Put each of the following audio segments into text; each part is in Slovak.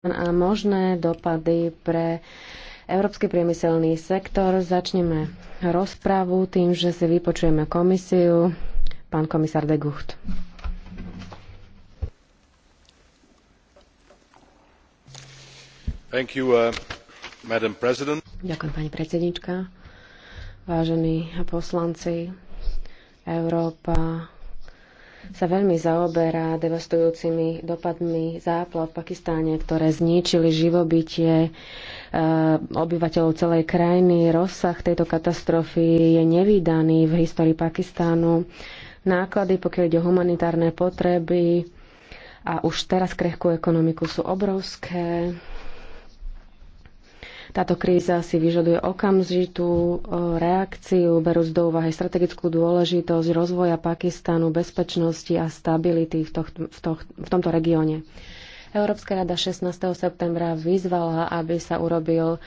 a možné dopady pre Európsky priemyselný sektor. Začneme rozpravu tým, že si vypočujeme komisiu. Pán komisár de Gucht. Thank you, uh, Madam President. Ďakujem, pani predsednička. Vážení poslanci, Európa sa veľmi zaoberá devastujúcimi dopadmi záplav v Pakistáne, ktoré zničili živobytie e, obyvateľov celej krajiny. Rozsah tejto katastrofy je nevýdaný v histórii Pakistánu. Náklady, pokiaľ ide o humanitárne potreby a už teraz krehkú ekonomiku sú obrovské. Táto kríza si vyžaduje okamžitú e, reakciu, berúc do úvahy strategickú dôležitosť rozvoja Pakistanu, bezpečnosti a stability v, toht, v, toht, v tomto regióne. Európska rada 16. septembra vyzvala, aby sa urobil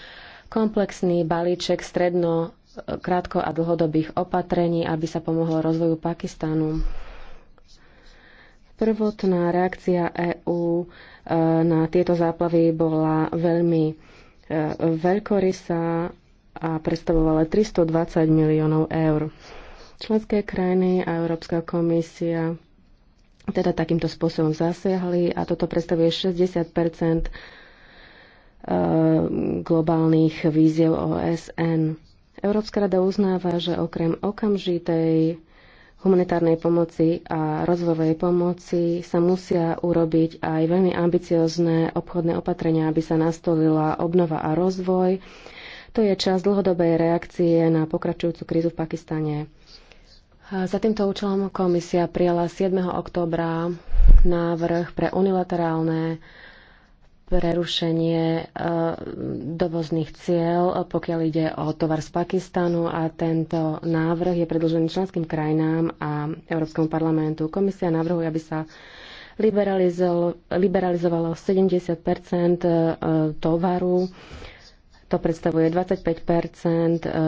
komplexný balíček stredno, e, krátko a dlhodobých opatrení, aby sa pomohlo rozvoju Pakistanu. Prvotná reakcia EÚ e, na tieto záplavy bola veľmi E, veľkorysá a predstavovala 320 miliónov eur. Členské krajiny a Európska komisia teda takýmto spôsobom zasiahli a toto predstavuje 60 e, globálnych víziev OSN. Európska rada uznáva, že okrem okamžitej humanitárnej pomoci a rozvojovej pomoci sa musia urobiť aj veľmi ambiciozne obchodné opatrenia, aby sa nastolila obnova a rozvoj. To je čas dlhodobej reakcie na pokračujúcu krízu v Pakistane. Za týmto účelom komisia prijala 7. októbra návrh pre unilaterálne prerušenie e, dovozných cieľ, pokiaľ ide o tovar z Pakistanu a tento návrh je predložený členským krajinám a Európskom parlamentu. Komisia navrhuje, aby sa liberalizovalo 70 e, tovaru. To predstavuje 25 e,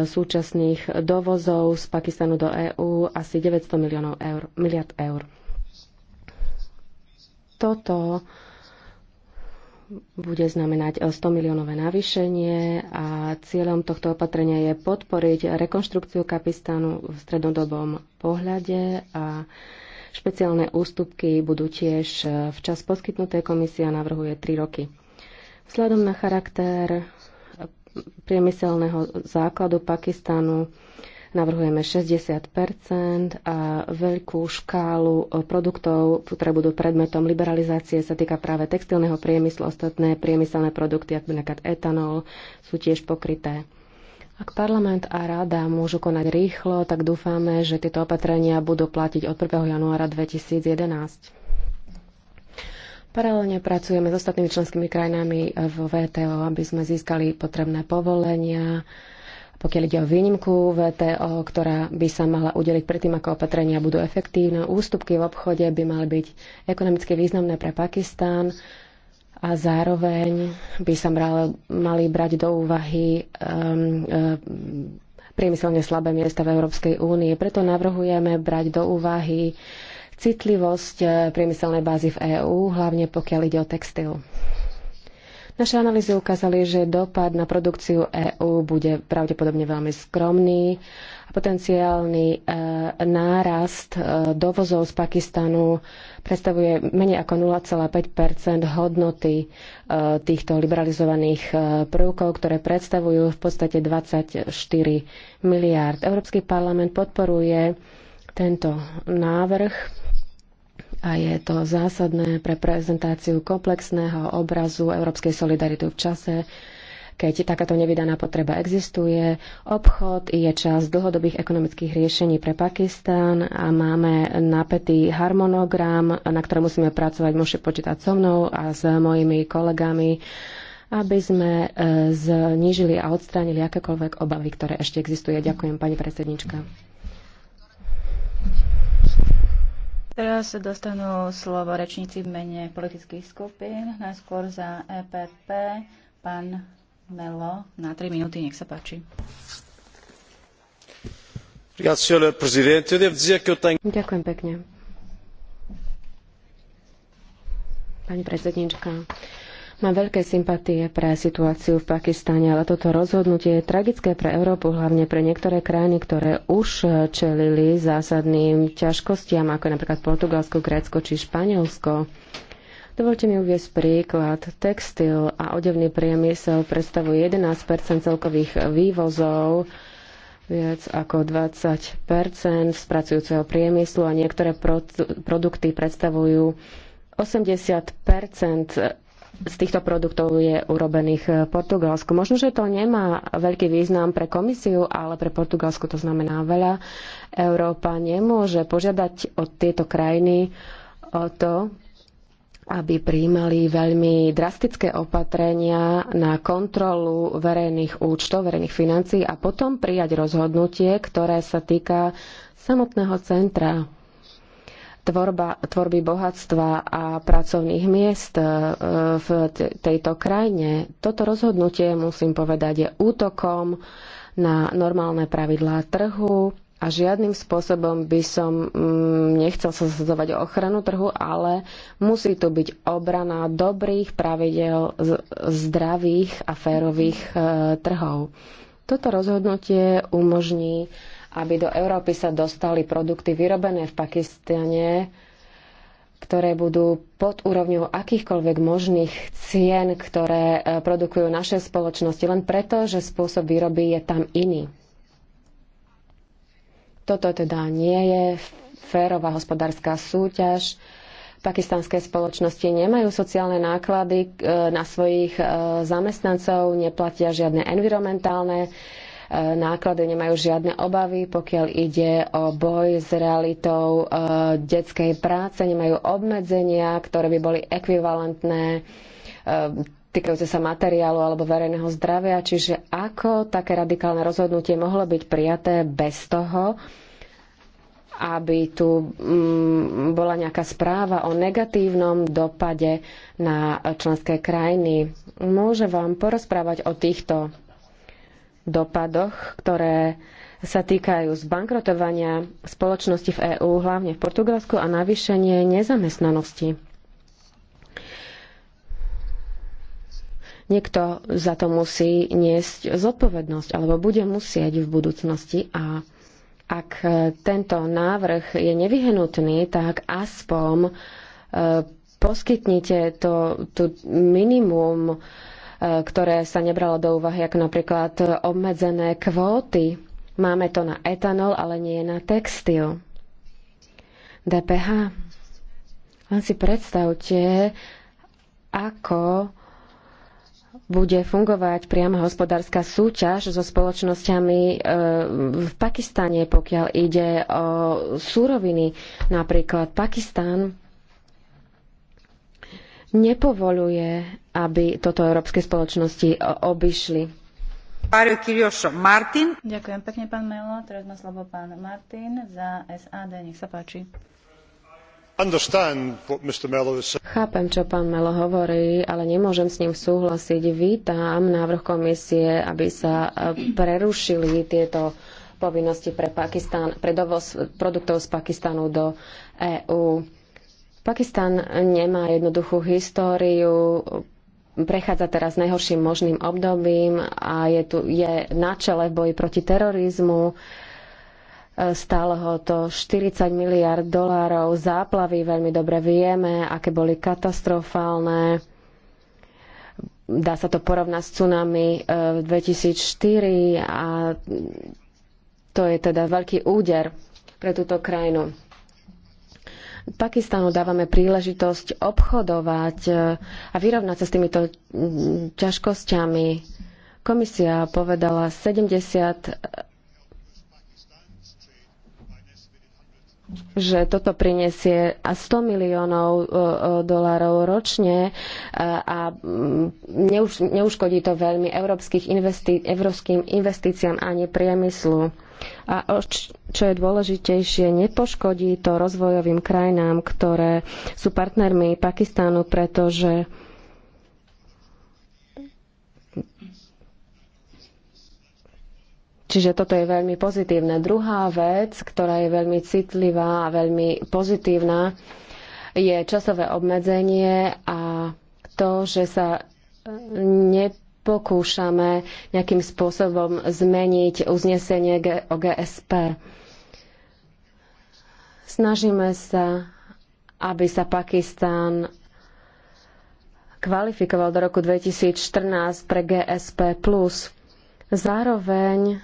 súčasných dovozov z Pakistanu do EÚ, asi 900 miliónov eur, miliard eur. Toto bude znamenať 100 miliónové navýšenie a cieľom tohto opatrenia je podporiť rekonštrukciu kapistánu v strednodobom pohľade a špeciálne ústupky budú tiež včas poskytnuté. Komisia navrhuje 3 roky. Vzhľadom na charakter priemyselného základu Pakistanu Navrhujeme 60 a veľkú škálu eh, produktov, ktoré budú predmetom liberalizácie, sa týka práve textilného priemyslu. Ostatné priemyselné produkty, ako napríklad etanol, sú tiež pokryté. Ak parlament a rada môžu konať rýchlo, tak dúfame, že tieto opatrenia budú platiť od 1. januára 2011. Paralelne pracujeme s ostatnými členskými krajinami eh, v VTO, aby sme získali potrebné povolenia, pokiaľ ide o výnimku VTO, ktorá by sa mala udeliť predtým, ako opatrenia budú efektívne. Ústupky v obchode by mali byť ekonomicky významné pre Pakistán a zároveň by sa mali brať do úvahy um, um, priemyselne slabé miesta v Európskej únii. Preto navrhujeme brať do úvahy citlivosť eh, priemyselnej bázy v EÚ, hlavne pokiaľ ide o textil. Naše analýzy ukázali, že dopad na produkciu EÚ bude pravdepodobne veľmi skromný a potenciálny e, nárast e, dovozov z Pakistanu predstavuje menej ako 0,5 hodnoty e, týchto liberalizovaných prvkov, ktoré predstavujú v podstate 24 miliárd. Európsky parlament podporuje tento návrh a je to zásadné pre prezentáciu komplexného obrazu európskej solidarity v čase, keď takáto nevydaná potreba existuje. Obchod je čas dlhodobých ekonomických riešení pre Pakistán a máme napätý harmonogram, na ktorom musíme pracovať. Môžete počítať so mnou a s mojimi kolegami aby sme e, znížili a odstránili akékoľvek obavy, ktoré ešte existuje. Ďakujem, pani predsednička. Teraz sa dostanú slovo rečníci v mene politických skupín. Najskôr za EPP pán Melo na 3 minúty, nech sa páči. Ďakujem pekne. Pani predsednička, Mám veľké sympatie pre situáciu v Pakistane, ale toto rozhodnutie je tragické pre Európu, hlavne pre niektoré krajiny, ktoré už čelili zásadným ťažkostiam, ako napríklad Portugalsko, Grécko či Španielsko. Dovolte mi uvieť príklad. Textil a odevný priemysel predstavuje 11 celkových vývozov, viac ako 20 spracujúceho priemyslu a niektoré produkty predstavujú 80 z týchto produktov je urobených v Portugalsku. Možno, že to nemá veľký význam pre komisiu, ale pre Portugalsku to znamená veľa. Európa nemôže požiadať od tieto krajiny o to, aby prijímali veľmi drastické opatrenia na kontrolu verejných účtov, verejných financií a potom prijať rozhodnutie, ktoré sa týka samotného centra tvorba, tvorby bohatstva a pracovných miest e, v tejto krajine. Toto rozhodnutie, musím povedať, je útokom na normálne pravidlá trhu a žiadnym spôsobom by som mm, nechcel sa zasadzovať o ochranu trhu, ale musí tu byť obrana dobrých pravidel zdravých a férových e, trhov. Toto rozhodnutie umožní aby do Európy sa dostali produkty vyrobené v Pakistane, ktoré budú pod úrovňou akýchkoľvek možných cien, ktoré e, produkujú naše spoločnosti, len preto, že spôsob výroby je tam iný. Toto teda nie je férová hospodárska súťaž. Pakistanské spoločnosti nemajú sociálne náklady e, na svojich e, zamestnancov, neplatia žiadne environmentálne E, náklady, nemajú žiadne obavy, pokiaľ ide o boj s realitou e, detskej práce, nemajú obmedzenia, ktoré by boli ekvivalentné e, týkajúce sa materiálu alebo verejného zdravia. Čiže ako také radikálne rozhodnutie mohlo byť prijaté bez toho, aby tu mm, bola nejaká správa o negatívnom dopade na členské krajiny. Môže vám porozprávať o týchto dopadoch, ktoré sa týkajú zbankrotovania spoločnosti v EÚ, hlavne v Portugalsku, a navýšenie nezamestnanosti. Niekto za to musí niesť zodpovednosť, alebo bude musieť v budúcnosti a ak tento návrh je nevyhnutný, tak aspoň e, poskytnite to, to minimum ktoré sa nebralo do úvahy, ako napríklad obmedzené kvóty. Máme to na etanol, ale nie na textil. DPH. Len si predstavte, ako bude fungovať priama hospodárska súťaž so spoločnosťami e, v Pakistane, pokiaľ ide o súroviny. Napríklad Pakistan nepovoluje, aby toto európske spoločnosti e, obišli. Ďakujem pekne, pán Melo. Teraz má slovo pán Martin za SAD. Nech sa páči. Chápem, čo pán Melo hovorí, ale nemôžem s ním súhlasiť. Vítam návrh komisie, aby sa e, prerušili tieto povinnosti pre, Pakistán, pre dovoz produktov z Pakistanu do EÚ Pakistan nemá jednoduchú históriu, prechádza teraz najhorším možným obdobím a je, tu, je na čele v boji proti terorizmu. E, stálo ho to 40 miliard dolárov, záplavy veľmi dobre vieme, aké boli katastrofálne. Dá sa to porovnať s tsunami e, v 2004 a to je teda veľký úder pre túto krajinu. Pakistanu dávame príležitosť obchodovať e, a vyrovnať sa s týmito ťažkosťami. Komisia povedala 70 že toto prinesie 100 miliónov e, e, dolárov ročne a neuškodí to veľmi európskych investí, európskym investíciám ani priemyslu. A čo je dôležitejšie, nepoškodí to rozvojovým krajinám, ktoré sú partnermi Pakistánu, pretože Čiže toto je veľmi pozitívne. Druhá vec, ktorá je veľmi citlivá a veľmi pozitívna, je časové obmedzenie a to, že sa ne pokúšame nejakým spôsobom zmeniť uznesenie o GSP. Snažíme sa, aby sa Pakistán kvalifikoval do roku 2014 pre GSP+. Zároveň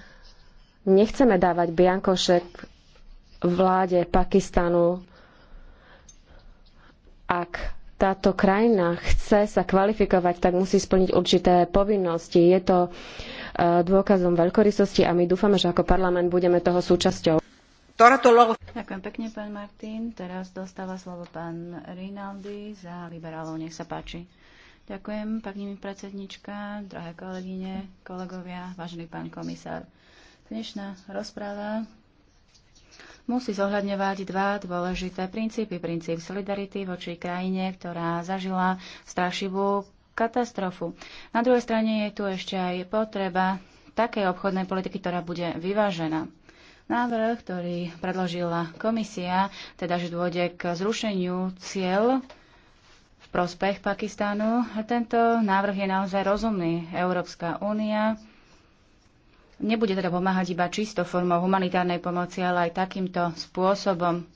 nechceme dávať biankošek vláde Pakistanu, ak táto krajina chce sa kvalifikovať, tak musí splniť určité povinnosti. Je to e, dôkazom veľkorysosti a my dúfame, že ako parlament budeme toho súčasťou. Ďakujem pekne, pán Martin. Teraz dostáva slovo pán Rinaldi za liberálov. Nech sa páči. Ďakujem, pani predsednička, drahé kolegyne, kolegovia, vážený pán komisár. Dnešná rozpráva musí zohľadňovať dva dôležité princípy. Princíp solidarity voči krajine, ktorá zažila strašivú katastrofu. Na druhej strane je tu ešte aj potreba takej obchodnej politiky, ktorá bude vyvážená. Návrh, ktorý predložila komisia, teda že dôjde k zrušeniu cieľ v prospech Pakistánu, tento návrh je naozaj rozumný. Európska únia nebude teda pomáhať iba čisto formou humanitárnej pomoci, ale aj takýmto spôsobom.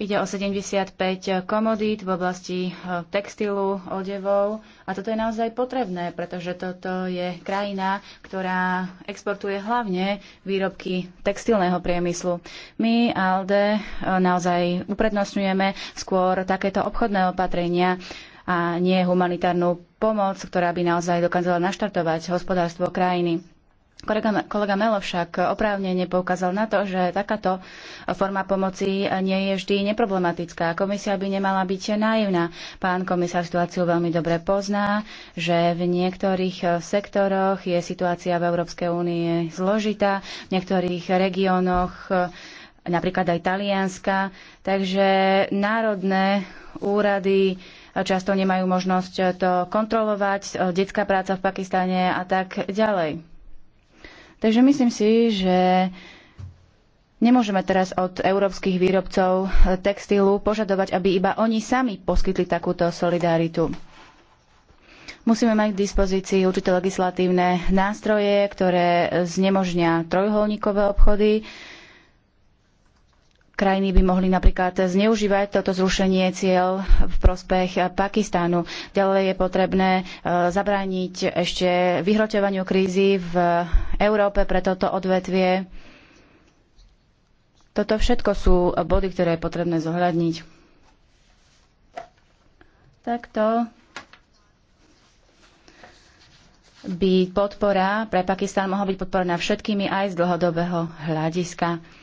Ide o 75 komodít v oblasti e, textilu, odevov a toto je naozaj potrebné, pretože toto je krajina, ktorá exportuje hlavne výrobky textilného priemyslu. My, ALDE, e, naozaj uprednostňujeme skôr takéto obchodné opatrenia, a nie humanitárnu pomoc, ktorá by naozaj dokázala naštartovať hospodárstvo krajiny. Kolega, kolega Melo však oprávnene poukázal na to, že takáto forma pomoci nie je vždy neproblematická. Komisia by nemala byť naivná. Pán komisár situáciu veľmi dobre pozná, že v niektorých sektoroch je situácia v Európskej únie zložitá, v niektorých regiónoch napríklad aj Talianska. Takže národné úrady často nemajú možnosť to kontrolovať, e, detská práca v Pakistane a tak ďalej. Takže myslím si, že Nemôžeme teraz od európskych výrobcov e, textilu požadovať, aby iba oni sami poskytli takúto solidaritu. Musíme mať k dispozícii určité legislatívne nástroje, ktoré znemožnia trojuholníkové obchody, Krajiny by mohli napríklad zneužívať toto zrušenie cieľ v prospech Pakistánu. Ďalej je potrebné e, zabrániť ešte vyhroťovaniu krízy v Európe pre toto odvetvie. Toto všetko sú body, ktoré je potrebné zohľadniť. Takto by podpora pre Pakistán mohla byť podporená všetkými aj z dlhodobého hľadiska.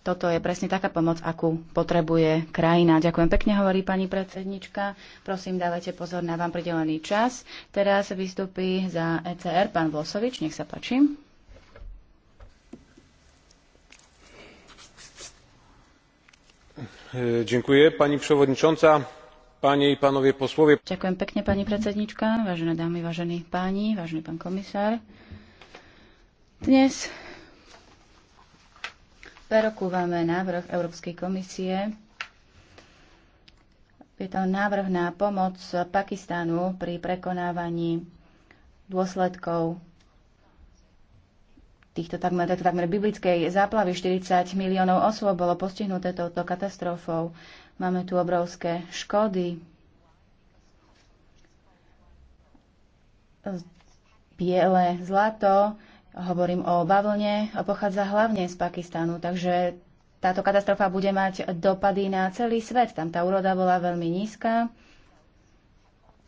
Toto je presne taká pomoc, akú potrebuje krajina. Ďakujem pekne, hovorí pani predsednička. Prosím, dávajte pozor na vám pridelený čas. Teraz vystupí za ECR pán Vlosovič. Nech sa páči. Ďakujem, pani przewodnicząca, panie i panowie posłowie. Ďakujem pekne, pani predsednička, vážené dámy, vážení páni, vážený pán komisár. Dnes prerokúvame návrh Európskej komisie. Je to návrh na pomoc Pakistanu pri prekonávaní dôsledkov týchto takmer, tejto takmer biblickej záplavy 40 miliónov osôb bolo postihnuté touto katastrofou. Máme tu obrovské škody. Biele zlato Hovorím o bavlne, pochádza hlavne z Pakistanu, takže táto katastrofa bude mať dopady na celý svet. Tam tá úroda bola veľmi nízka.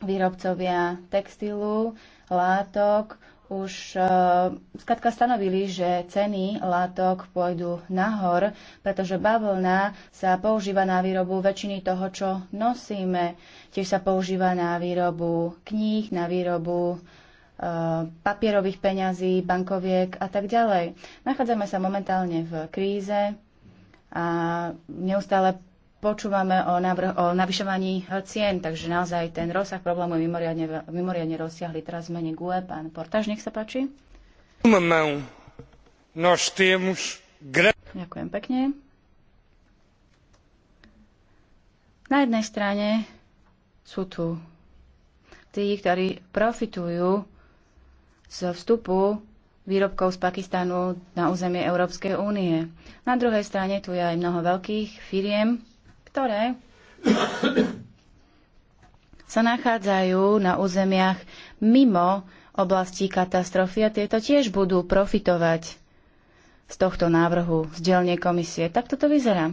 Výrobcovia textilu, látok už uh, e, skladka stanovili, že ceny látok pôjdu nahor, pretože bavlna sa používa na výrobu väčšiny toho, čo nosíme. Tiež sa používa na výrobu kníh, na výrobu papierových peňazí, bankoviek a tak ďalej. Nachádzame sa momentálne v kríze a neustále počúvame o, o navyšovaní cien, takže naozaj ten rozsah problému je mimoriadne, mimoriadne rozsiahli. Teraz mene GUE, pán Portáž, nech sa páči. Ďakujem pekne. Na jednej strane sú tu tí, ktorí profitujú z vstupu výrobkov z Pakistanu na územie Európskej únie. Na druhej strane tu je aj mnoho veľkých firiem, ktoré sa nachádzajú na územiach mimo oblasti katastrofy a tieto tiež budú profitovať z tohto návrhu z dielne komisie. Tak toto vyzerá.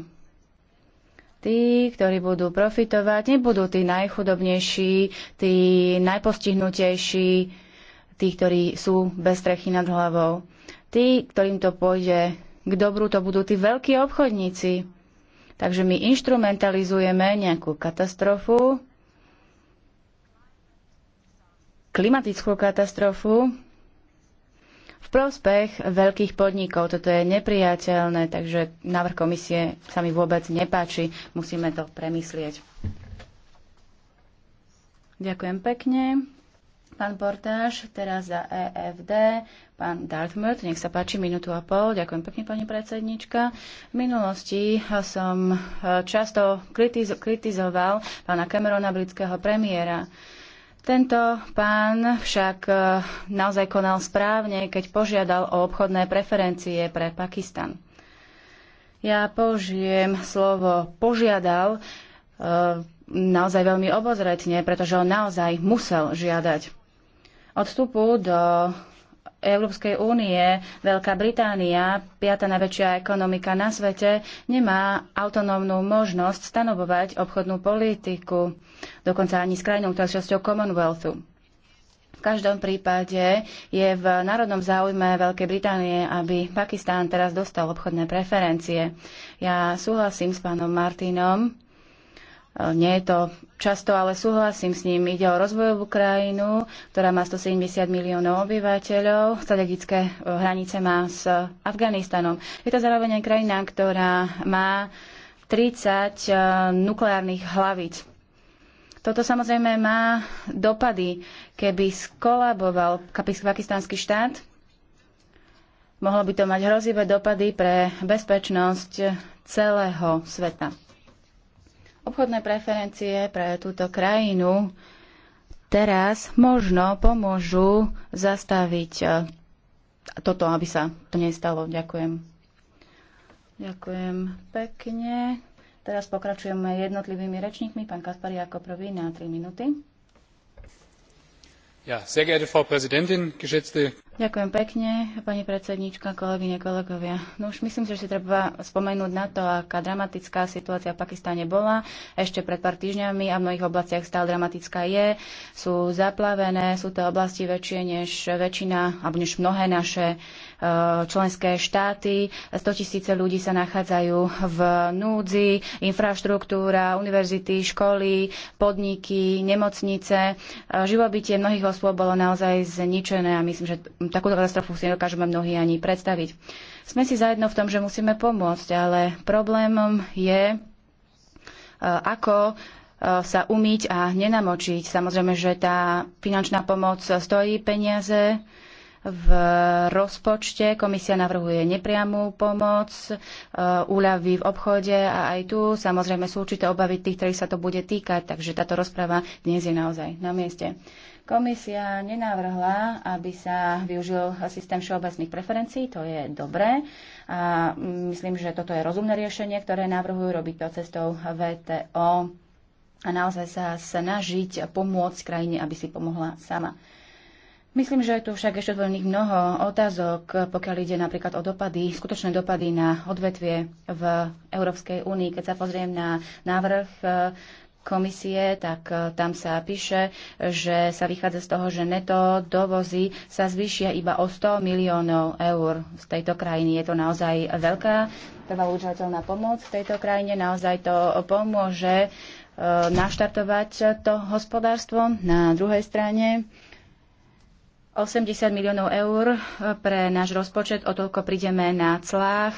Tí, ktorí budú profitovať, nebudú tí najchudobnejší, tí najpostihnutejší, tí, ktorí sú bez strechy nad hlavou. Tí, ktorým to pôjde k dobru, to budú tí veľkí obchodníci. Takže my instrumentalizujeme nejakú katastrofu, klimatickú katastrofu v prospech veľkých podnikov. Toto je nepriateľné, takže návrh komisie sa mi vôbec nepáči. Musíme to premyslieť. Ďakujem pekne pán Bordáš, teraz za EFD, pán Dartmouth, nech sa páči, minútu a pol. Ďakujem pekne, pani predsednička. V minulosti som e, často kritizo- kritizoval pána Camerona, britského premiéra. Tento pán však e, naozaj konal správne, keď požiadal o obchodné preferencie pre Pakistan. Ja použijem slovo požiadal, e, naozaj veľmi obozretne, pretože on naozaj musel žiadať. Od vstupu do Európskej únie Veľká Británia, piata najväčšia ekonomika na svete, nemá autonómnu možnosť stanovovať obchodnú politiku, dokonca ani s krajinou, ktorá časťou Commonwealthu. V každom prípade je v národnom záujme Veľkej Británie, aby Pakistán teraz dostal obchodné preferencie. Ja súhlasím s pánom Martinom, E, nie je to často, ale súhlasím s ním. Ide o rozvojovú krajinu, ktorá má 170 miliónov obyvateľov. Strategické e, hranice má s Afganistanom. Je to zároveň aj krajina, ktorá má 30 e, nukleárnych hlavíc. Toto samozrejme má dopady. Keby skolaboval pakistánsky štát, mohlo by to mať hrozivé dopady pre bezpečnosť celého sveta obchodné preferencie pre túto krajinu teraz možno pomôžu zastaviť e, toto, aby sa to nestalo. Ďakujem. Ďakujem pekne. Teraz pokračujeme jednotlivými rečníkmi. Pán Kaspari ako prvý na 3 minúty sehr geehrte Frau Präsidentin, geschätzte Ďakujem pekne, pani predsedníčka, kolegyne, kolegovia. No už myslím si, že si treba spomenúť na to, aká dramatická situácia v Pakistane bola. Ešte pred pár týždňami a v mnohých oblastiach stále dramatická je. Sú zaplavené, sú to oblasti väčšie než väčšina, alebo než mnohé naše členské štáty, 100 tisíce ľudí sa nachádzajú v núdzi, infraštruktúra, univerzity, školy, podniky, nemocnice. Živobytie mnohých osôb bolo naozaj zničené a myslím, že takúto katastrofu si nedokážeme mnohí ani predstaviť. Sme si zajedno v tom, že musíme pomôcť, ale problémom je, e, ako e, sa umyť a nenamočiť. Samozrejme, že tá finančná pomoc stojí peniaze, v rozpočte komisia navrhuje nepriamú pomoc, e, úľavy v obchode a aj tu samozrejme sú určité obavy tých, ktorých sa to bude týkať, takže táto rozpráva dnes je naozaj na mieste. Komisia nenavrhla, aby sa využil systém všeobecných preferencií, to je dobré. A myslím, že toto je rozumné riešenie, ktoré navrhujú robiť to cestou VTO a naozaj sa snažiť pomôcť krajine, aby si pomohla sama. Myslím, že je tu však ešte veľmi mnoho otázok, pokiaľ ide napríklad o dopady, skutočné dopady na odvetvie v Európskej únii. Keď sa pozriem na návrh e, komisie, tak e, tam sa píše, že sa vychádza z toho, že neto dovozy sa zvýšia iba o 100 miliónov eur z tejto krajiny. Je to naozaj veľká prvá udržateľná pomoc v tejto krajine. Naozaj to pomôže e, naštartovať to hospodárstvo. Na druhej strane 80 miliónov eur e, pre náš rozpočet, o toľko prídeme na clách.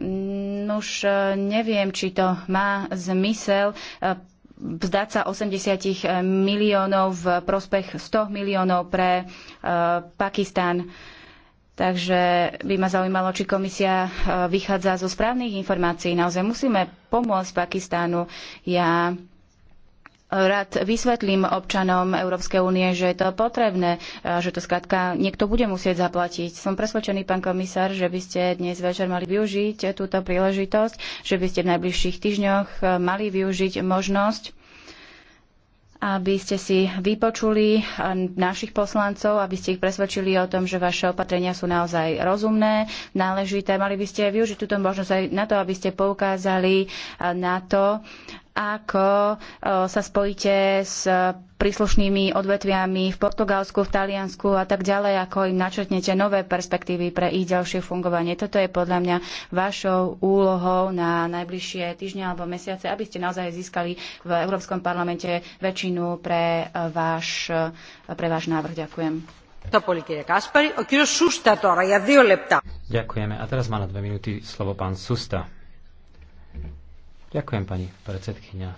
Mm, už e, neviem, či to má zmysel e, vzdať sa 80 miliónov v prospech 100 miliónov pre Pakistan. Takže by ma zaujímalo, či komisia vychádza zo správnych informácií. Naozaj musíme pomôcť Pakistánu. Ja rád vysvetlím občanom Európskej únie, že je to potrebné, že to skrátka niekto bude musieť zaplatiť. Som presvedčený, pán komisár, že by ste dnes večer mali využiť túto príležitosť, že by ste v najbližších týždňoch e, mali využiť možnosť aby ste si vypočuli e, našich poslancov, aby ste ich presvedčili o tom, že vaše opatrenia sú naozaj rozumné, náležité. Mali by ste využiť túto možnosť aj na to, aby ste poukázali e, na to, ako eh, sa spojíte s príslušnými odvetviami v Portugalsku, v Taliansku a tak ďalej, ako im načrtnete nové perspektívy pre ich ďalšie fungovanie. Toto je podľa mňa vašou úlohou na najbližšie týždne alebo mesiace, aby ste naozaj získali v Európskom parlamente väčšinu pre eh, váš, eh, pre váš návrh. Ďakujem. Ďakujeme. A teraz má na dve minúty slovo pán Susta. Ďakujem, pani predsedkynia.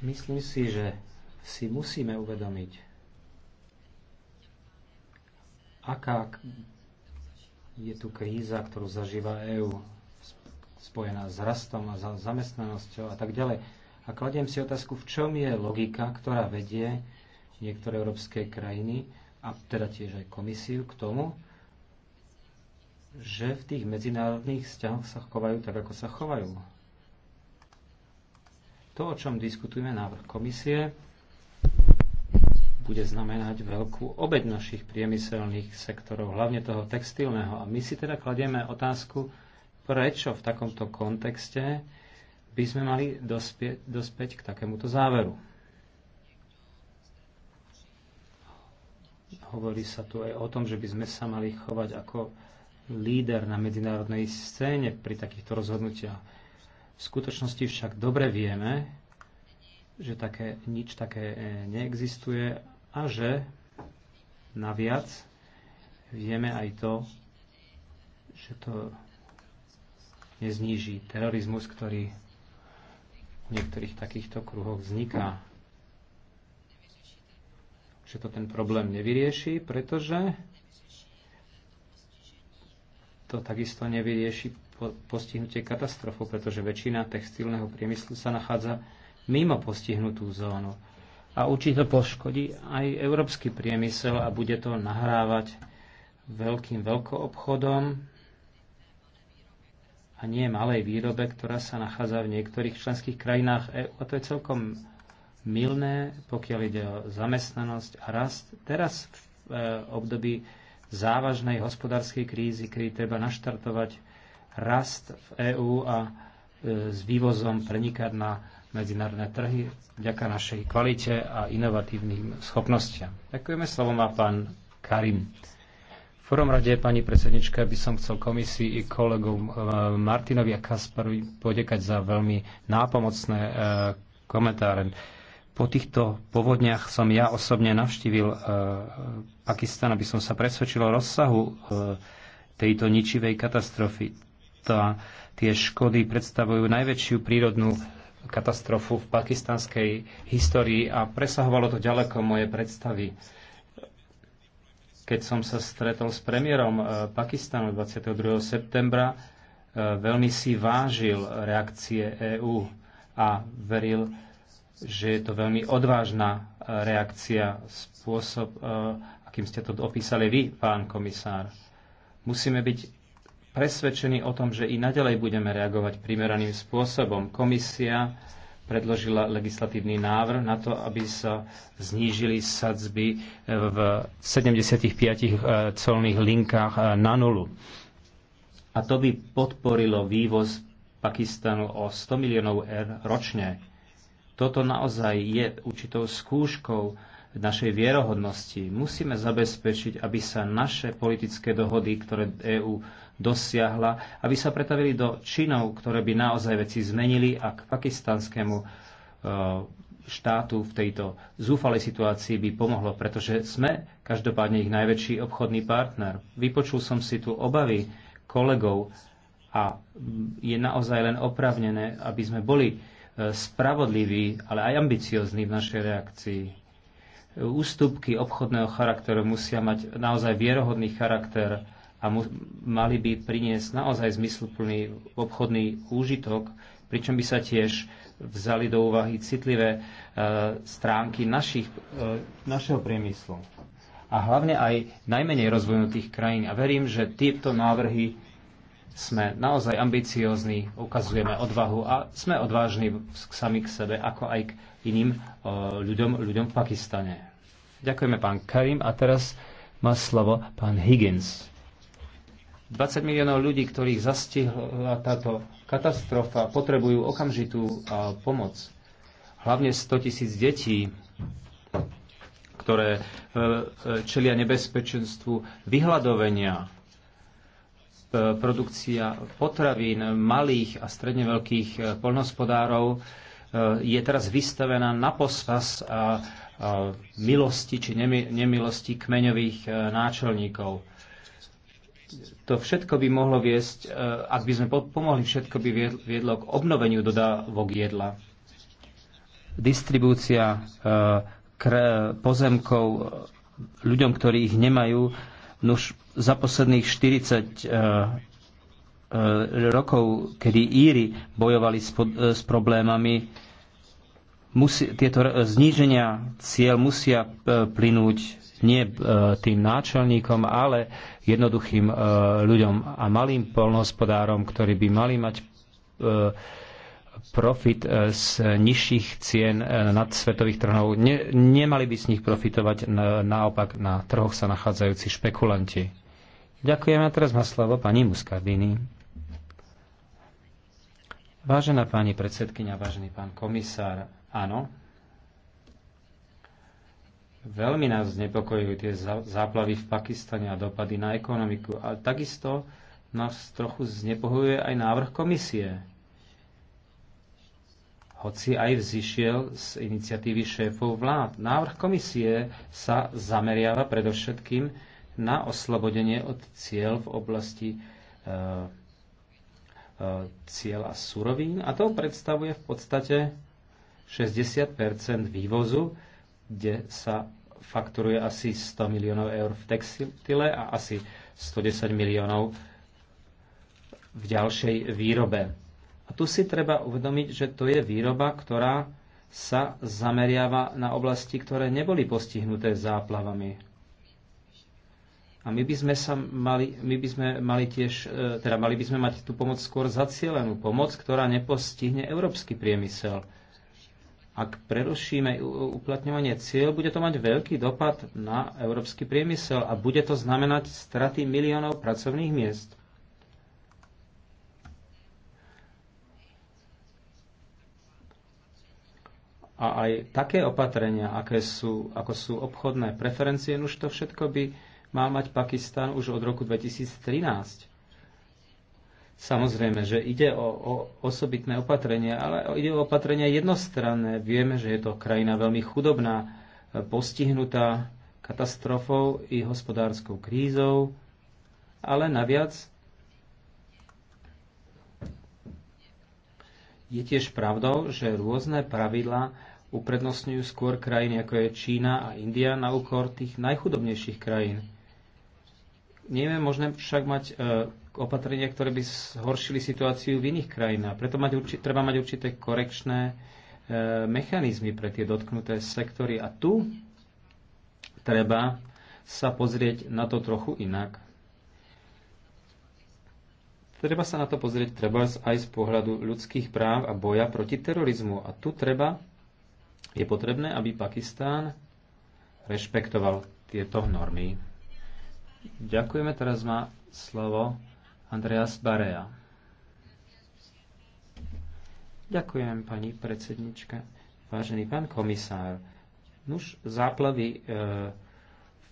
Myslím si, že si musíme uvedomiť, aká je tu kríza, ktorú zažíva EÚ, spojená s rastom a zamestnanosťou a tak ďalej. A kladiem si otázku, v čom je logika, ktorá vedie niektoré európske krajiny a teda tiež aj komisiu k tomu, že v tých medzinárodných vzťahoch sa chovajú tak, ako sa chovajú. To, o čom diskutujeme návrh komisie, bude znamenať veľkú obed našich priemyselných sektorov, hlavne toho textilného. A my si teda kladieme otázku, prečo v takomto kontexte by sme mali dospie, dospäť k takémuto záveru. Hovorí sa tu aj o tom, že by sme sa mali chovať ako líder na medzinárodnej scéne pri takýchto rozhodnutiach v skutočnosti však dobre vieme, že také, nič také e, neexistuje a že naviac vieme aj to, že to nezníži terorizmus, ktorý v niektorých takýchto kruhoch vzniká. Že to ten problém nevyrieši, pretože to takisto nevyrieši postihnutie katastrofou, pretože väčšina textilného priemyslu sa nachádza mimo postihnutú zónu. A určite poškodí aj európsky priemysel a bude to nahrávať veľkým veľkoobchodom a nie malej výrobe, ktorá sa nachádza v niektorých členských krajinách EU. A to je celkom milné, pokiaľ ide o zamestnanosť a rast. Teraz v e, období závažnej hospodárskej krízy, kedy treba naštartovať rast v EÚ a e, s vývozom prenikať na medzinárodné trhy vďaka našej kvalite a inovatívnym schopnostiam. Ďakujeme, slovo a pán Karim. V prvom rade, pani predsednička, by som chcel komisii i kolegom e, Martinovi a Kasparovi podekať za veľmi nápomocné e, komentáre. Po týchto povodniach som ja osobne navštívil Pakistan, aby som sa presvedčil o rozsahu tejto ničivej katastrofy tá, tie škody predstavujú najväčšiu prírodnú katastrofu v pakistanskej histórii a presahovalo to ďaleko moje predstavy. Keď som sa stretol s premiérom e, Pakistanu 22. septembra, e, veľmi si vážil reakcie EÚ a veril, že je to veľmi odvážna e, reakcia, spôsob, akým ste to opísali vy, pán komisár. Musíme byť presvedčení o tom, že i naďalej budeme reagovať primeraným spôsobom. Komisia predložila legislatívny návrh na to, aby sa znížili sadzby v 75 eh, colných linkách eh, na nulu. A to by podporilo vývoz Pakistanu o 100 miliónov eur ročne. Toto naozaj je určitou skúškou našej vierohodnosti. Musíme zabezpečiť, aby sa naše politické dohody, ktoré EÚ dosiahla, aby sa pretavili do činov, ktoré by naozaj veci zmenili a k pakistanskému e, štátu v tejto zúfalej situácii by pomohlo, pretože sme každopádne ich najväčší obchodný partner. Vypočul som si tu obavy kolegov a je naozaj len opravnené, aby sme boli e, spravodliví, ale aj ambiciozní v našej reakcii. Ústupky obchodného charakteru musia mať naozaj vierohodný charakter a mali by priniesť naozaj zmysluplný obchodný úžitok, pričom by sa tiež vzali do úvahy citlivé e, stránky našich, e, našeho priemyslu. A hlavne aj najmenej rozvinutých krajín. A verím, že tieto návrhy sme naozaj ambiciózni, ukazujeme odvahu a sme odvážni sami k sebe, ako aj k iným o, e, ľuďom, ľuďom v Pakistane. Ďakujeme pán Karim a teraz má slovo pán Higgins. 20 miliónov ľudí, ktorých zastihla táto katastrofa, potrebujú okamžitú pomoc. Hlavne 100 tisíc detí, ktoré e, e, čelia nebezpečenstvu vyhľadovenia, e, produkcia potravín malých a stredne veľkých poľnohospodárov je teraz vystavená na pospas a milosti či nemilosti kmeňových náčelníkov to všetko by mohlo viesť, e, ak by sme pomohli, všetko by viedlo k obnoveniu dodávok jedla. Distribúcia e, pozemkov e, ľuďom, ktorí ich nemajú, už za posledných 40 rokov, kedy Íry bojovali s, problémami, musí, tieto zníženia cieľ musia plynúť nie e, tým náčelníkom, ale jednoduchým e, ľuďom a malým polnohospodárom, ktorí by mali mať e, profit z nižších cien nad svetových trhov. Ne, nemali by z nich profitovať, naopak na trhoch sa nachádzajúci špekulanti. Ďakujem a teraz má slovo pani Muscardini. Vážená pani predsedkynia, vážený pán komisár, áno, Veľmi nás znepokojujú tie záplavy v Pakistane a dopady na ekonomiku. A takisto nás trochu znepokojuje aj návrh komisie. Hoci aj vzýšiel z iniciatívy šéfov vlád. Návrh komisie sa zameriava predovšetkým na oslobodenie od cieľ v oblasti e, e, cieľ a surovín a to predstavuje v podstate 60 vývozu kde sa fakturuje asi 100 miliónov eur v textile a asi 110 miliónov v ďalšej výrobe. A tu si treba uvedomiť, že to je výroba, ktorá sa zameriava na oblasti, ktoré neboli postihnuté záplavami. A my by sme, sa mali, my by sme mali tiež, e, teda mali by sme mať tú pomoc skôr zacielenú pomoc, ktorá nepostihne európsky priemysel ak prerušíme uplatňovanie cieľ, bude to mať veľký dopad na európsky priemysel a bude to znamenať straty miliónov pracovných miest. A aj také opatrenia, aké sú, ako sú obchodné preferencie, už to všetko by mal mať Pakistan už od roku 2013. Samozrejme, že ide o, o osobitné opatrenia, ale ide o opatrenia jednostranné. Vieme, že je to krajina veľmi chudobná, e, postihnutá katastrofou i hospodárskou krízou, ale naviac je tiež pravdou, že rôzne pravidlá uprednostňujú skôr krajiny ako je Čína a India na úkor tých najchudobnejších krajín. Nie je možné však mať e, opatrenia, ktoré by zhoršili situáciu v iných krajinách. Preto mať urči- treba mať určité korekčné e, mechanizmy pre tie dotknuté sektory. A tu treba sa pozrieť na to trochu inak. Treba sa na to pozrieť treba aj z pohľadu ľudských práv a boja proti terorizmu. A tu treba, je potrebné, aby Pakistán rešpektoval tieto normy. Ďakujeme. Teraz má slovo Andreas Barea. Ďakujem, pani predsednička. Vážený pán komisár, už záplavy e,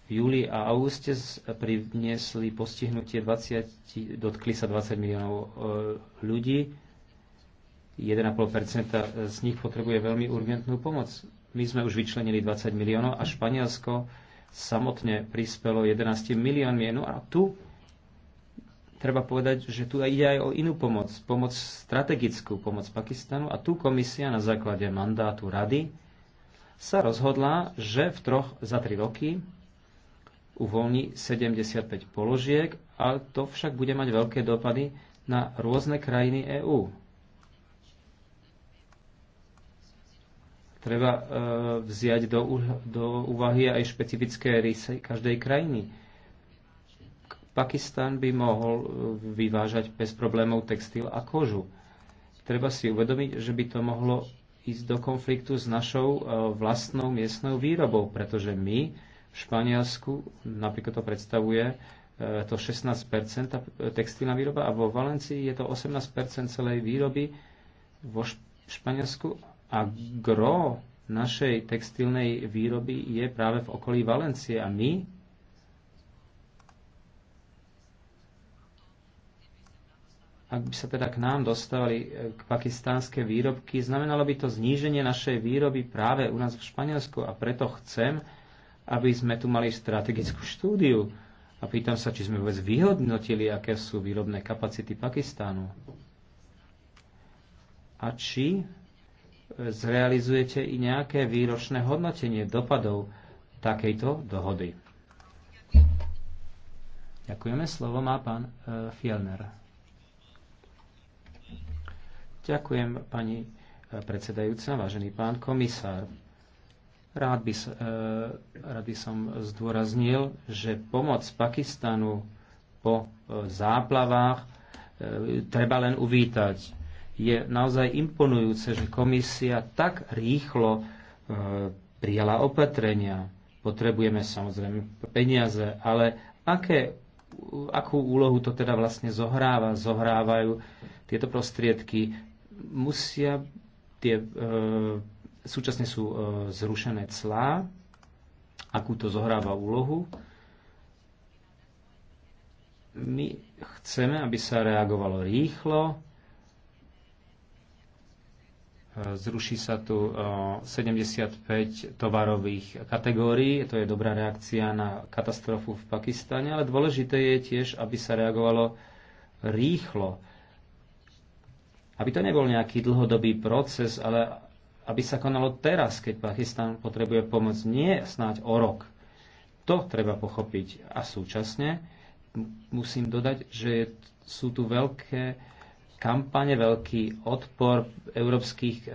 v júli a auguste priniesli postihnutie 20, dotkli sa 20 miliónov e, ľudí. 1,5% z nich potrebuje veľmi urgentnú pomoc. My sme už vyčlenili 20 miliónov a Španielsko samotne prispelo 11 miliónmi. No a tu treba povedať, že tu ide aj o inú pomoc, pomoc strategickú, pomoc Pakistanu a tu komisia na základe mandátu rady sa rozhodla, že v troch za tri roky uvoľní 75 položiek, ale to však bude mať veľké dopady na rôzne krajiny EÚ. Treba e, vziať do, do úvahy aj špecifické rysy každej krajiny. Pakistan by mohol e, vyvážať bez problémov textil a kožu. Treba si uvedomiť, že by to mohlo ísť do konfliktu s našou e, vlastnou miestnou výrobou, pretože my v Španielsku napríklad to predstavuje to 16 textilná výroba a vo Valencii je to 18 celej výroby vo Španielsku a gro našej textilnej výroby je práve v okolí Valencie a my ak by sa teda k nám dostávali e, k pakistánske výrobky, znamenalo by to zníženie našej výroby práve u nás v Španielsku a preto chcem, aby sme tu mali strategickú štúdiu a pýtam sa, či sme vôbec vyhodnotili, aké sú výrobné kapacity Pakistánu a či zrealizujete i nejaké výročné hodnotenie dopadov takejto dohody. Ďakujeme. Slovo má pán e, Fielner. Ďakujem, pani e, predsedajúca, vážený pán komisár. Rád by, e, rád by som zdôraznil, že pomoc Pakistanu po záplavách treba len uvítať je naozaj imponujúce, že komisia tak rýchlo e, prijala opatrenia. Potrebujeme samozrejme peniaze, ale aké, akú úlohu to teda vlastne zohráva? Zohrávajú tieto prostriedky, musia tie, e, súčasne sú e, zrušené clá, akú to zohráva úlohu. My chceme, aby sa reagovalo rýchlo, Zruší sa tu 75 tovarových kategórií, to je dobrá reakcia na katastrofu v Pakistane, ale dôležité je tiež, aby sa reagovalo rýchlo. Aby to nebol nejaký dlhodobý proces, ale aby sa konalo teraz, keď Pakistan potrebuje pomoc, nie snáď o rok. To treba pochopiť. A súčasne musím dodať, že sú tu veľké kampane, veľký odpor európskych e,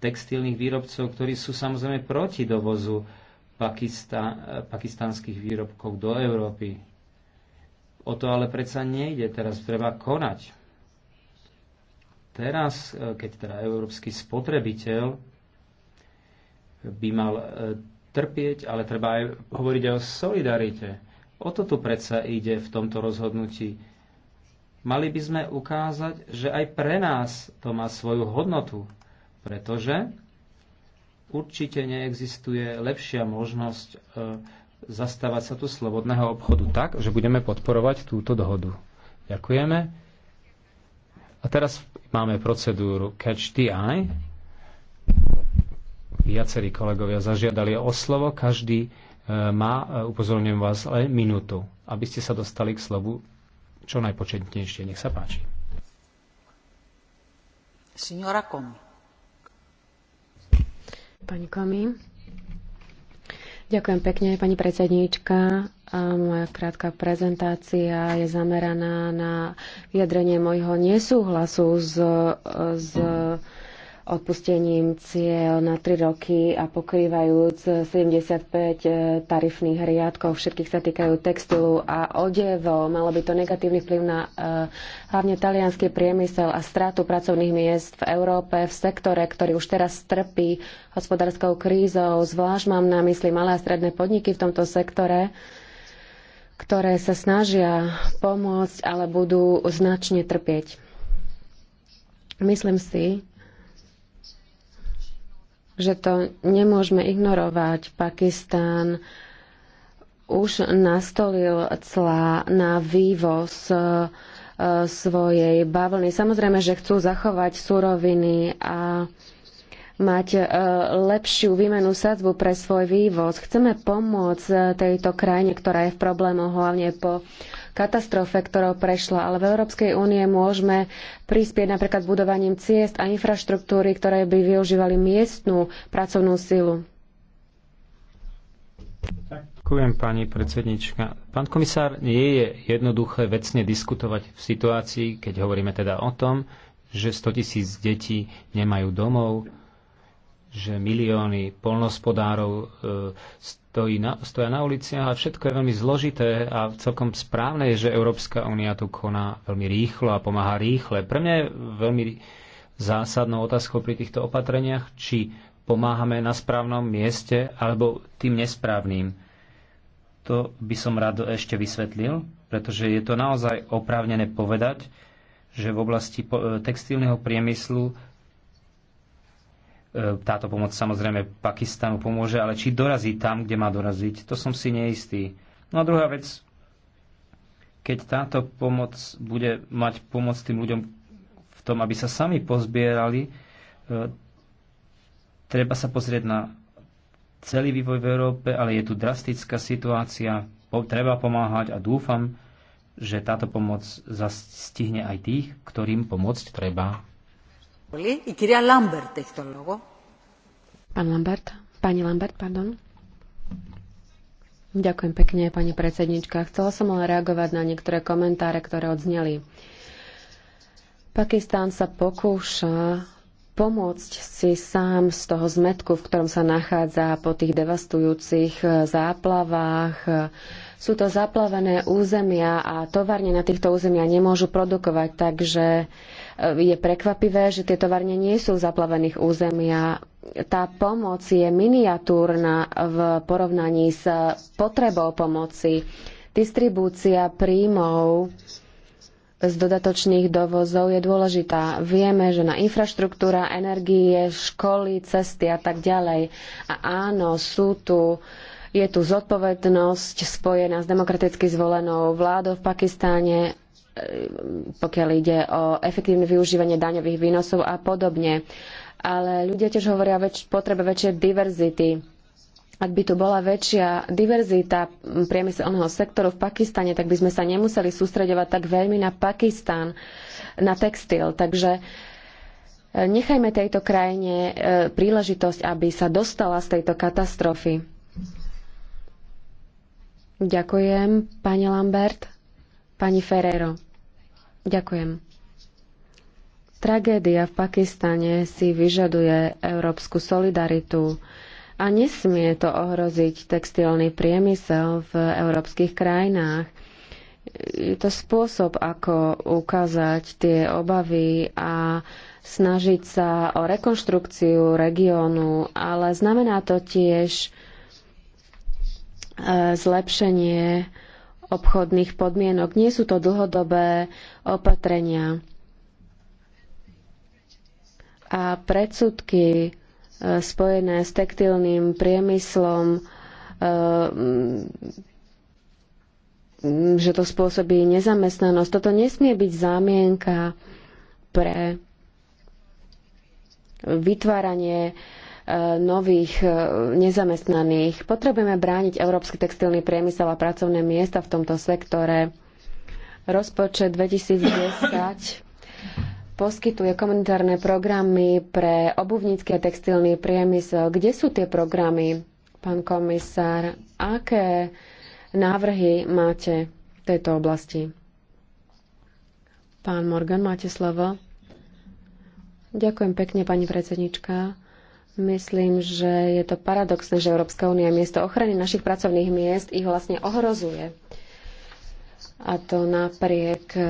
textilných výrobcov, ktorí sú samozrejme proti dovozu Pakistan, e, pakistanských výrobkov do Európy. O to ale predsa nejde, teraz treba konať. Teraz, e, keď teda európsky spotrebiteľ by mal trpieť, ale treba aj hovoriť aj o solidarite. O to tu predsa ide v tomto rozhodnutí mali by sme ukázať, že aj pre nás to má svoju hodnotu, pretože určite neexistuje lepšia možnosť e, zastávať sa tu slobodného obchodu tak, že budeme podporovať túto dohodu. Ďakujeme. A teraz máme procedúru Catch the Eye. Viacerí kolegovia zažiadali o slovo. Každý e, má, e, upozorňujem vás, len minútu, aby ste sa dostali k slovu čo najpočetnejšie. Nech sa páči. Signora Komi. Pani Komi. Ďakujem pekne, pani predsedníčka. Moja krátka prezentácia je zameraná na vyjadrenie mojho nesúhlasu s, s odpustením cieľ na 3 roky a pokrývajúc 75 e, tarifných riadkov, všetkých sa týkajú textilu a odevov. Malo by to negatívny vplyv na e, hlavne talianský priemysel a stratu pracovných miest v Európe, v sektore, ktorý už teraz trpí hospodárskou krízou. Zvlášť mám na mysli malé a stredné podniky v tomto sektore ktoré sa snažia pomôcť, ale budú značne trpieť. Myslím si, že to nemôžeme ignorovať. Pakistán už nastolil clá na vývoz e, svojej bavlny. Samozrejme, že chcú zachovať suroviny a mať e, lepšiu výmenu sadzbu pre svoj vývoz. Chceme pomôcť e, tejto krajine, ktorá je v problémoch hlavne po katastrofe, ktorou prešla, ale v Európskej únie môžeme prispieť napríklad budovaním ciest a infraštruktúry, ktoré by využívali miestnú pracovnú silu. Ďakujem, pani predsednička. Pán komisár, nie je jednoduché vecne diskutovať v situácii, keď hovoríme teda o tom, že 100 tisíc detí nemajú domov, že milióny polnospodárov e, stojí na, stoja na uliciach a všetko je veľmi zložité a celkom správne je, že Európska únia tu koná veľmi rýchlo a pomáha rýchle. Pre mňa je veľmi zásadnou otázkou pri týchto opatreniach, či pomáhame na správnom mieste alebo tým nesprávnym. To by som rád ešte vysvetlil, pretože je to naozaj oprávnené povedať, že v oblasti e, textilného priemyslu E, táto pomoc samozrejme Pakistanu pomôže, ale či dorazí tam, kde má doraziť, to som si neistý. No a druhá vec, keď táto pomoc bude mať pomoc tým ľuďom v tom, aby sa sami pozbierali, e, treba sa pozrieť na celý vývoj v Európe, ale je tu drastická situácia, treba pomáhať a dúfam, že táto pomoc zastihne aj tých, ktorým pomôcť treba pani Lambert, Ďakujem pekne, pani predsednička. Chcela som ale reagovať na niektoré komentáre, ktoré odzneli. Pakistán sa pokúša pomôcť si sám z toho zmetku, v ktorom sa nachádza po tých devastujúcich eh, záplavách. Sú to zaplavené územia a továrne na týchto územiach nemôžu produkovať, takže je prekvapivé, že tie továrne nie sú v zaplavených územia. Tá pomoc je miniatúrna v porovnaní s potrebou pomoci. Distribúcia príjmov z dodatočných dovozov je dôležitá. Vieme, že na infraštruktúra, energie, školy, cesty a tak ďalej. A áno, sú tu je tu zodpovednosť spojená s demokraticky zvolenou vládou v Pakistáne pokiaľ ide o efektívne využívanie daňových výnosov a podobne. Ale ľudia tiež hovoria o väč- potrebe väčšej diverzity. Ak by tu bola väčšia diverzita priemyselného sektoru v Pakistane, tak by sme sa nemuseli sústredovať tak veľmi na Pakistan, na textil. Takže e, nechajme tejto krajine e, príležitosť, aby sa dostala z tejto katastrofy. Ďakujem, pani Lambert. Pani Ferrero. Ďakujem. Tragédia v Pakistane si vyžaduje európsku solidaritu a nesmie to ohroziť textilný priemysel v európskych krajinách. Je to spôsob, ako ukázať tie obavy a snažiť sa o rekonštrukciu regiónu, ale znamená to tiež e, zlepšenie obchodných podmienok. Nie sú to dlhodobé opatrenia. A predsudky e, spojené s textilným priemyslom, e, že to spôsobí nezamestnanosť. Toto nesmie byť zámienka pre vytváranie nových e, nezamestnaných. Potrebujeme brániť európsky textilný priemysel a pracovné miesta v tomto sektore. Rozpočet 2010 poskytuje komunitárne programy pre obuvnícky a textilný priemysel. Kde sú tie programy, pán komisár? Aké návrhy máte v tejto oblasti? Pán Morgan, máte slovo. Ďakujem pekne, pani predsednička. Myslím, že je to paradoxné, že Európska únia miesto ochrany našich pracovných miest ich vlastne ohrozuje. A to napriek e,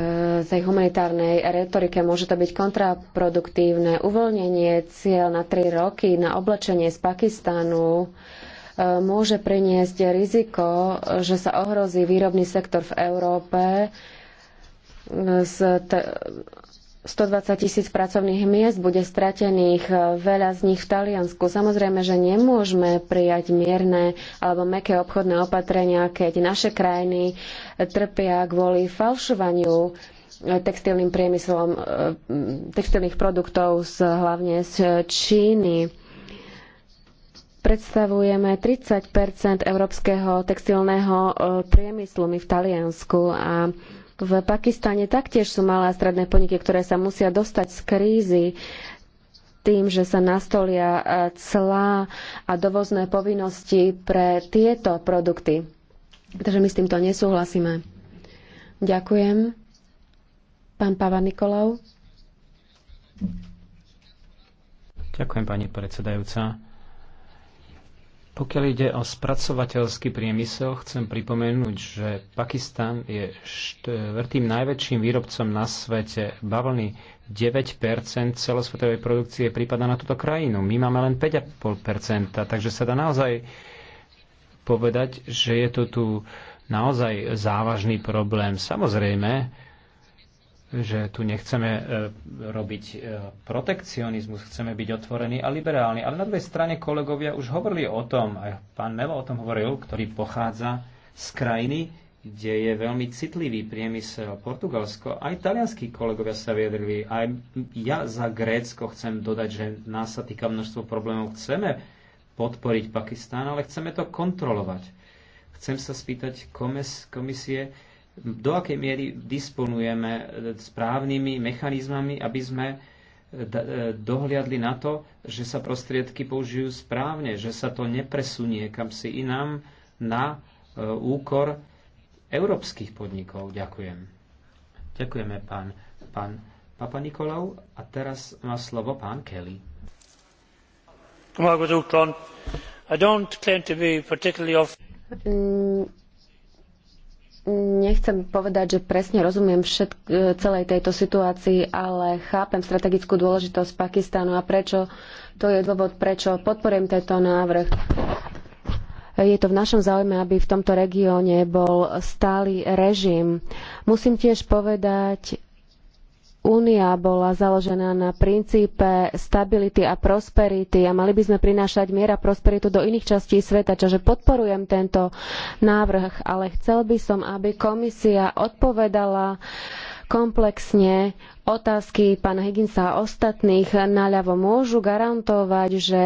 tej humanitárnej retorike môže to byť kontraproduktívne. Uvoľnenie cieľ na tri roky na oblečenie z Pakistanu e, môže priniesť riziko, že sa ohrozí výrobný sektor v Európe e, 120 tisíc pracovných miest bude stratených, e, veľa z nich v Taliansku. Samozrejme, že nemôžeme prijať mierne alebo meké obchodné opatrenia, keď naše krajiny e, trpia kvôli falšovaniu e, textilným priemyslom, textilných produktov z, hlavne z Číny. Predstavujeme 30 európskeho textilného priemyslu my v Taliansku a v Pakistane taktiež sú malé a stredné podniky, ktoré sa musia dostať z krízy tým, že sa nastolia e, clá a dovozné povinnosti pre tieto produkty. Takže my s týmto nesúhlasíme. Ďakujem. Pán Pava Nikolov. Ďakujem, pani predsedajúca pokiaľ ide o spracovateľský priemysel, chcem pripomenúť, že Pakistan je štvrtým najväčším výrobcom na svete bavlny. 9% celosvetovej produkcie prípada na túto krajinu. My máme len 5,5%, takže sa dá naozaj povedať, že je to tu naozaj závažný problém. Samozrejme, že tu nechceme e, robiť e, protekcionizmus, chceme byť otvorení a liberálni. Ale na druhej strane kolegovia už hovorili o tom, aj pán Melo o tom hovoril, ktorý pochádza z krajiny, kde je veľmi citlivý priemysel Portugalsko. Aj talianskí kolegovia sa vyjadrili. Aj ja za Grécko chcem dodať, že nás sa týka množstvo problémov. Chceme podporiť Pakistán, ale chceme to kontrolovať. Chcem sa spýtať komis- komisie, do akej miery disponujeme správnymi mechanizmami, aby sme e, e, dohliadli na to, že sa prostriedky použijú správne, že sa to nepresunie kam si inám na e, úkor európskych podnikov. Ďakujem. Ďakujeme, pán, pán Papa Nikolau. A teraz má slovo pán Kelly. Mm Nechcem povedať, že presne rozumiem všetk- celej tejto situácii, ale chápem strategickú dôležitosť Pakistánu a prečo to je dôvod, prečo podporujem tento návrh. Je to v našom záujme, aby v tomto regióne bol stály režim. Musím tiež povedať, únia bola založená na princípe stability a prosperity a mali by sme prinášať miera prosperitu do iných častí sveta, čiže podporujem tento návrh, ale chcel by som, aby komisia odpovedala komplexne otázky pána Higginsa a ostatných naľavo môžu garantovať, že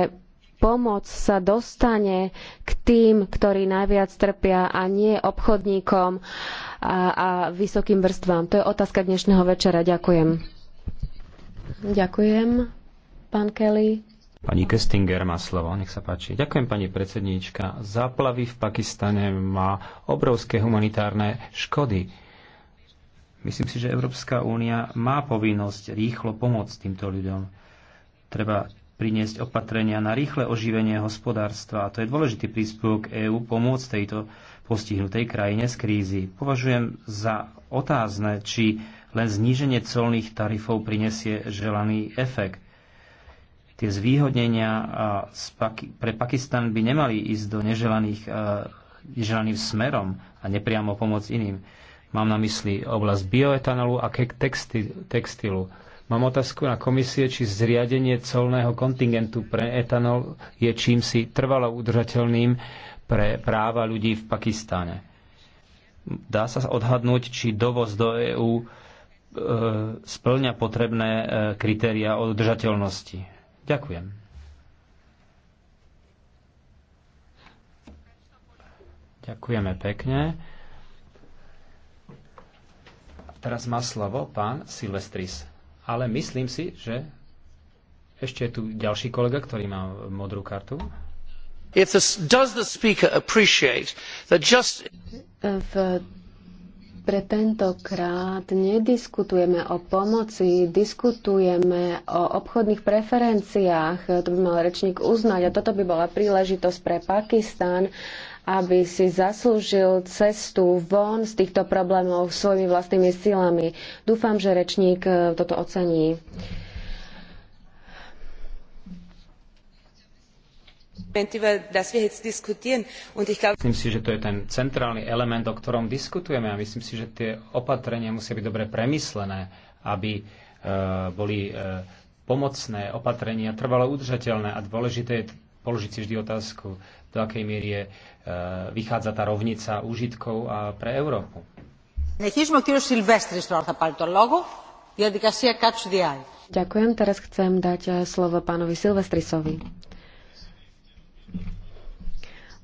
pomoc sa dostane k tým, ktorí najviac trpia a nie obchodníkom a, a vysokým vrstvám? To je otázka dnešného večera. Ďakujem. Ďakujem, pán Kelly. Pani Kestinger má slovo, nech sa páči. Ďakujem, pani predsedníčka. Záplavy v Pakistane má obrovské humanitárne škody. Myslím si, že Európska únia má povinnosť rýchlo pomôcť týmto ľuďom. Treba priniesť opatrenia na rýchle oživenie hospodárstva. a To je dôležitý príspevok EÚ pomôcť tejto postihnutej krajine z krízy. Považujem za otázne, či len zníženie colných tarifov prinesie želaný efekt. Tie zvýhodnenia pre Pakistan by nemali ísť do neželaných, neželaným smerom a nepriamo pomôcť iným. Mám na mysli oblasť bioetanolu a textilu Mám otázku na komisie, či zriadenie colného kontingentu pre etanol je čímsi trvalo udržateľným pre práva ľudí v Pakistáne. Dá sa odhadnúť, či dovoz do EÚ e, splňa potrebné e, kritéria o udržateľnosti. Ďakujem. Ďakujeme pekne. Teraz má slovo pán Silvestris ale myslím si, že ešte je tu ďalší kolega, ktorý má modrú kartu. If the, does the speaker appreciate that just... V pre tentokrát nediskutujeme o pomoci, diskutujeme o obchodných preferenciách. To by mal rečník uznať a toto by bola príležitosť pre Pakistan, aby si zaslúžil cestu von z týchto problémov svojimi vlastnými silami. Dúfam, že rečník toto ocení. Myslím si, že to je ten centrálny element, o ktorom diskutujeme a myslím si, že tie opatrenia musia byť dobre premyslené, aby e, boli e, pomocné opatrenia trvalo udržateľné a dôležité je položiť si vždy otázku, do akej miery je, e, vychádza tá rovnica úžitkov a pre Európu. Ďakujem, teraz chcem dať slovo pánovi Silvestrisovi.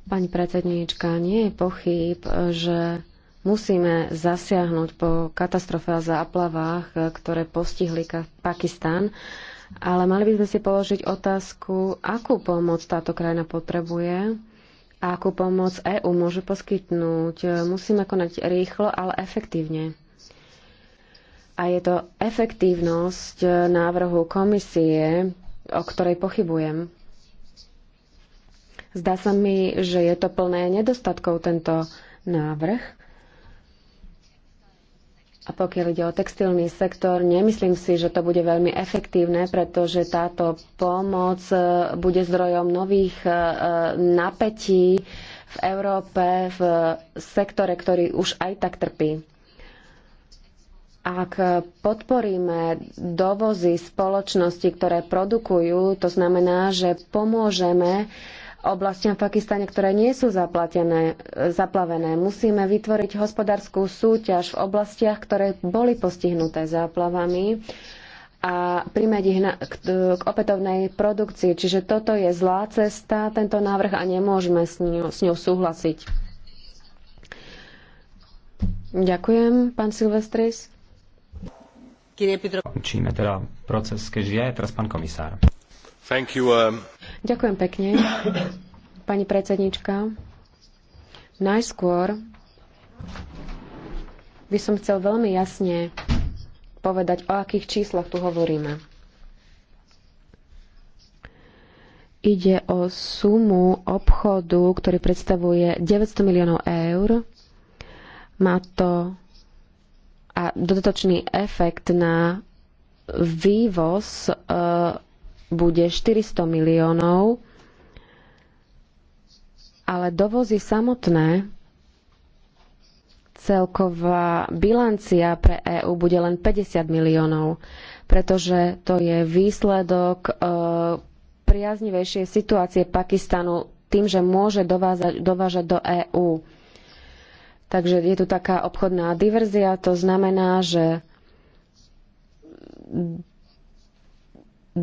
Pani predsedníčka, nie je pochyb, že musíme zasiahnuť po katastrofe a záplavách, ktoré postihli Pakistan, ale mali by sme si položiť otázku, akú pomoc táto krajina potrebuje a akú pomoc EÚ môže poskytnúť. Musíme konať rýchlo, ale efektívne. A je to efektívnosť návrhu komisie, o ktorej pochybujem. Zdá sa mi, že je to plné nedostatkov tento návrh. A pokiaľ ide o textilný sektor, nemyslím si, že to bude veľmi efektívne, pretože táto pomoc e, bude zdrojom nových e, napätí v Európe, v sektore, ktorý už aj tak trpí ak podporíme dovozy spoločnosti, ktoré produkujú, to znamená, že pomôžeme oblastiam v Pakistane, ktoré nie sú zaplatené, zaplavené. Musíme vytvoriť hospodárskú súťaž v oblastiach, ktoré boli postihnuté záplavami a primeť ich na, k, k opätovnej produkcii. Čiže toto je zlá cesta, tento návrh a nemôžeme s ňou, s ňou súhlasiť. Ďakujem, pán Silvestris. Končíme teda proces, keďže je teraz pán komisár. Thank you, um... Ďakujem pekne, pani predsednička. Najskôr by som chcel veľmi jasne povedať, o akých číslach tu hovoríme. Ide o sumu obchodu, ktorý predstavuje 900 miliónov eur. Má to a dodatočný efekt na vývoz e, bude 400 miliónov, ale dovozy samotné celková bilancia pre EÚ bude len 50 miliónov, pretože to je výsledok e, priaznivejšej situácie Pakistanu tým, že môže dovázať, dovážať do EÚ. Takže je tu taká obchodná diverzia, to znamená, že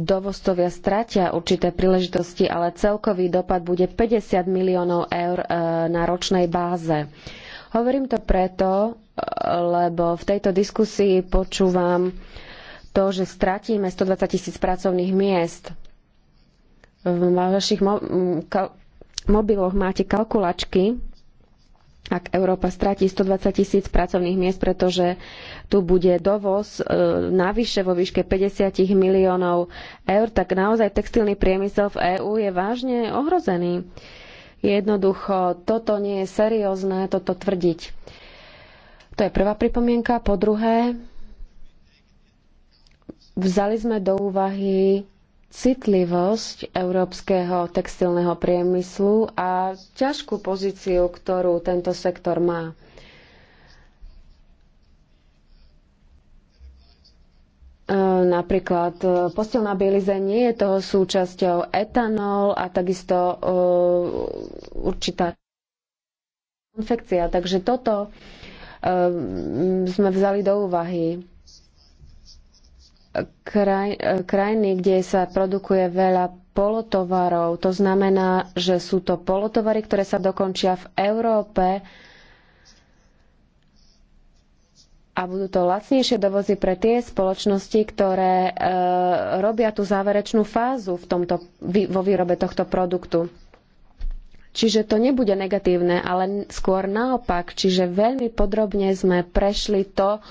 dovozcovia stratia určité príležitosti, ale celkový dopad bude 50 miliónov eur e, na ročnej báze. Hovorím to preto, e, lebo v tejto diskusii počúvam to, že stratíme 120 tisíc pracovných miest. V vašich mobiloch máte kalkulačky, ak Európa stratí 120 tisíc pracovných miest, pretože tu bude dovoz e, navyše vo výške 50 miliónov eur, tak naozaj textilný priemysel v EÚ je vážne ohrozený. Jednoducho, toto nie je seriózne, toto tvrdiť. To je prvá pripomienka. Po druhé, vzali sme do úvahy citlivosť európskeho textilného priemyslu a ťažkú pozíciu, ktorú tento sektor má. E, napríklad e, postelná bielize nie je toho súčasťou etanol a takisto e, určitá infekcia. Takže toto sme vzali do úvahy kraj, e, krajiny, kde sa produkuje veľa polotovarov. To znamená, že sú to polotovary, ktoré sa dokončia v Európe a budú to lacnejšie dovozy pre tie spoločnosti, ktoré e, robia tú záverečnú fázu v tomto, vo výrobe tohto produktu. Čiže to nebude negatívne, ale skôr naopak. Čiže veľmi podrobne sme prešli to,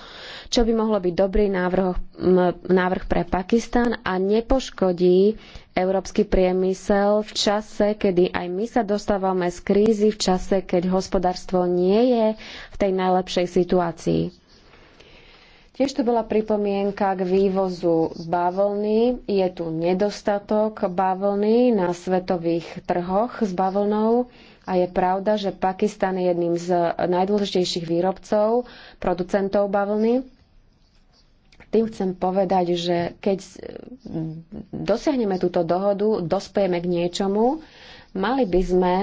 čo by mohlo byť dobrý návrh, návrh pre Pakistan a nepoškodí európsky priemysel v čase, kedy aj my sa dostávame z krízy, v čase, keď hospodárstvo nie je v tej najlepšej situácii. Tiež to bola pripomienka k vývozu bavlny. Je tu nedostatok bavlny na svetových trhoch s bavlnou a je pravda, že Pakistan je jedným z najdôležitejších výrobcov, producentov bavlny. Tým chcem povedať, že keď dosiahneme túto dohodu, dospejeme k niečomu, mali by sme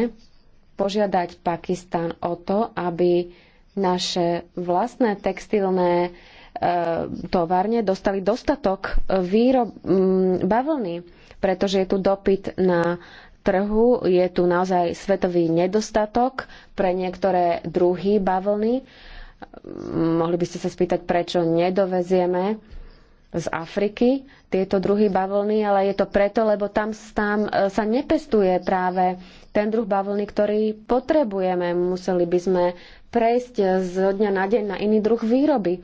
požiadať Pakistan o to, aby naše vlastné textilné Eh, továrne dostali dostatok eh, výrob mm, bavlny, pretože je tu dopyt na trhu, je tu naozaj svetový nedostatok pre niektoré druhy bavlny. Mm, mohli by ste sa spýtať, prečo nedovezieme z Afriky tieto druhy bavlny, ale je to preto, lebo tam, tam eh, sa nepestuje práve ten druh bavlny, ktorý potrebujeme. Museli by sme prejsť z dňa na deň na iný druh výroby.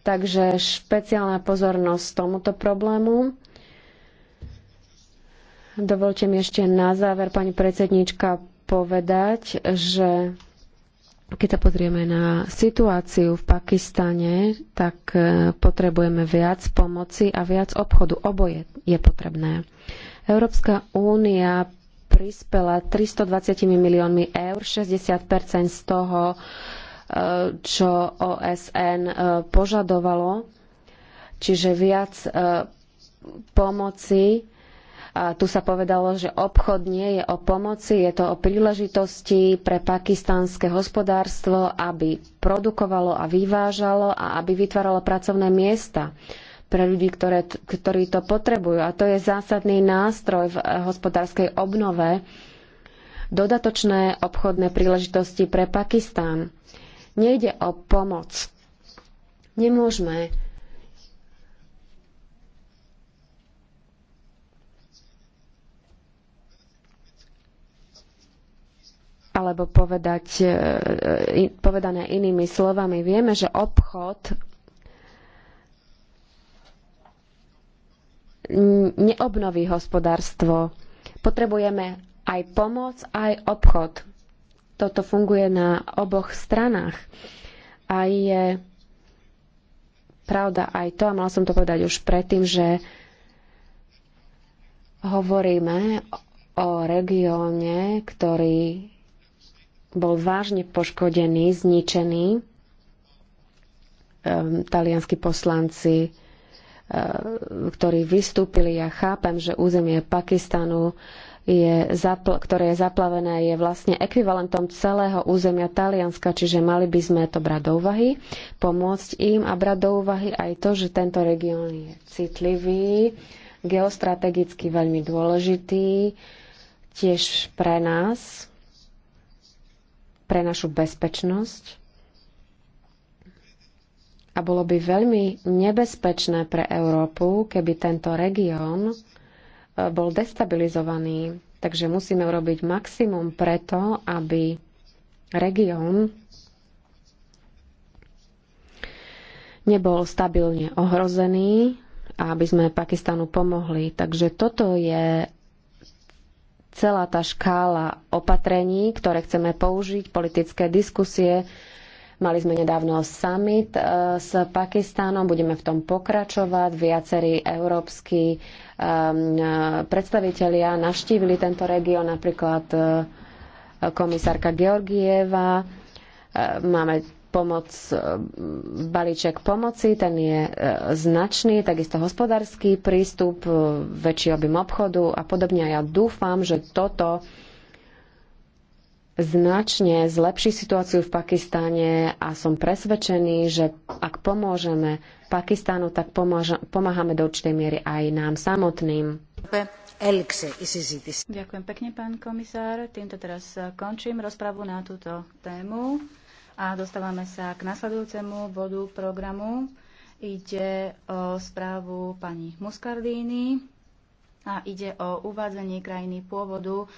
Takže špeciálna pozornosť tomuto problému. Dovolte mi ešte na záver, pani predsednička, povedať, že keď sa pozrieme na situáciu v Pakistane, tak e, potrebujeme viac pomoci a viac obchodu. Oboje je potrebné. Európska únia prispela 320 miliónmi eur, 60% z toho čo OSN e, požadovalo, čiže viac e, pomoci. A tu sa povedalo, že obchod nie je o pomoci, je to o príležitosti pre pakistanské hospodárstvo, aby produkovalo a vyvážalo a aby vytváralo pracovné miesta pre ľudí, ktoré, ktorí to potrebujú. A to je zásadný nástroj v e, hospodárskej obnove. Dodatočné obchodné príležitosti pre Pakistán. Nejde o pomoc. Nemôžeme alebo povedať, e, e, povedané inými slovami, vieme, že obchod neobnoví hospodárstvo. Potrebujeme aj pomoc, aj obchod toto funguje na oboch stranách. A je pravda aj to, a mala som to povedať už predtým, že hovoríme o regióne, ktorý bol vážne poškodený, zničený. Ehm, talianskí poslanci, ehm, ktorí vystúpili, ja chápem, že územie Pakistanu je ktoré je zaplavené, je vlastne ekvivalentom celého územia Talianska, čiže mali by sme to brať do úvahy, pomôcť im a brať do úvahy aj to, že tento región je citlivý, geostrategicky veľmi dôležitý, tiež pre nás, pre našu bezpečnosť. A bolo by veľmi nebezpečné pre Európu, keby tento región bol destabilizovaný. Takže musíme urobiť maximum preto, aby región nebol stabilne ohrozený a aby sme Pakistanu pomohli. Takže toto je celá tá škála opatrení, ktoré chceme použiť, politické diskusie, Mali sme nedávno summit e, s Pakistanom, budeme v tom pokračovať. Viacerí európsky e, predstavitelia navštívili tento región, napríklad e, komisárka Georgieva. Máme pomoc, balíček pomoci, ten je značný, takisto hospodársky prístup, väčší objem obchodu a podobne. A Ja dúfam, že toto značne zlepší situáciu v Pakistáne a som presvedčený, že ak pomôžeme Pakistánu, tak pomáža, pomáhame do určitej miery aj nám samotným. Ďakujem pekne, pán komisár. Týmto teraz končím rozpravu na túto tému a dostávame sa k nasledujúcemu bodu programu. Ide o správu pani Muscardini a ide o uvádzanie krajiny pôvodu